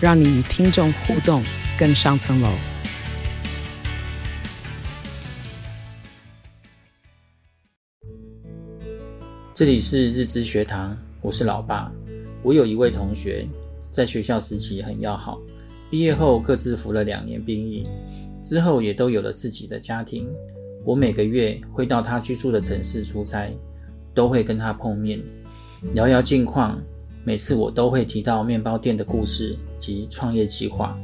讓你與聽眾互動更上層樓。這裡是日資學堂，我是老爸。我有一位同學，在學校時期很要好，畢業後各自服了兩年兵役，之後也都有了自己的家庭。我每個月會到他居住的城市出差，都會跟他碰面，聊聊近況。每次我都會提到麵包店的故事及創業計劃，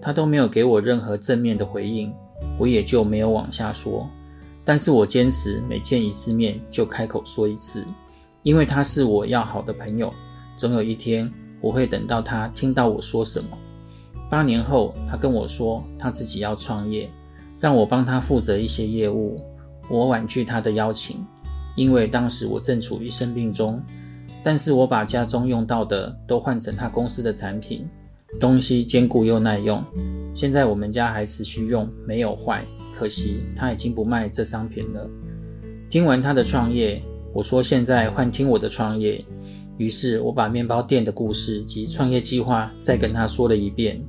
他都沒有給我任何正面的回應，我也就沒有往下說。但是我堅持每見一次面就開口說一次，因為他是我要好的朋友，總有一天我會等到他聽到我說什麼。八年後，他跟我說他自己要創業，讓我幫他負責一些業務，我婉拒他的邀請，因為當時我正處於生病中。但是我把家中用到的都換成他公司的產品，東西堅固又耐用。現在我們家還持續用，沒有壞。可惜他已經不賣這商品了。聽完他的創業，我說現在換聽我的創業。於是我把麵包店的故事及創業計劃再跟他說了一遍。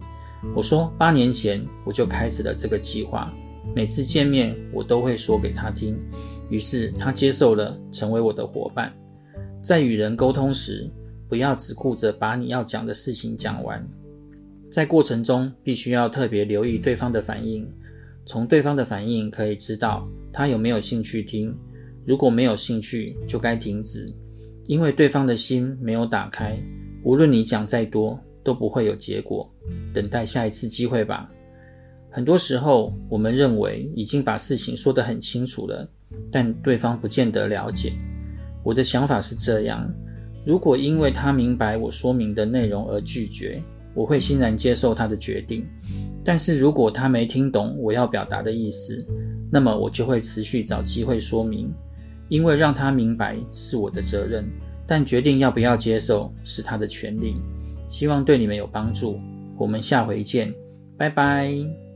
我說八年前我就開始了這個計劃，每次見面我都會說給他聽。於是他接受了成為我的伙伴。在與人溝通時，不要只顧着把你要講的事情講完，在過程中必須要特別留意對方的反應。從對方的反應可以知道他有沒有興趣聽，如果沒有興趣，就該停止，因為對方的心沒有打開，無論你講再多都不會有結果。等待下一次機會吧。很多時候，我們認為已經把事情說得很清楚了，但對方不見得了解。我的想法是這樣：如果因為他明白我說明的內容而拒絕，我會欣然接受他的決定；但是如果他沒聽懂我要表達的意思，那麼我就會持續找機會說明，因為讓他明白是我的責任，但決定要不要接受是他的權利。希望對你們有幫助。我們下回見，拜拜。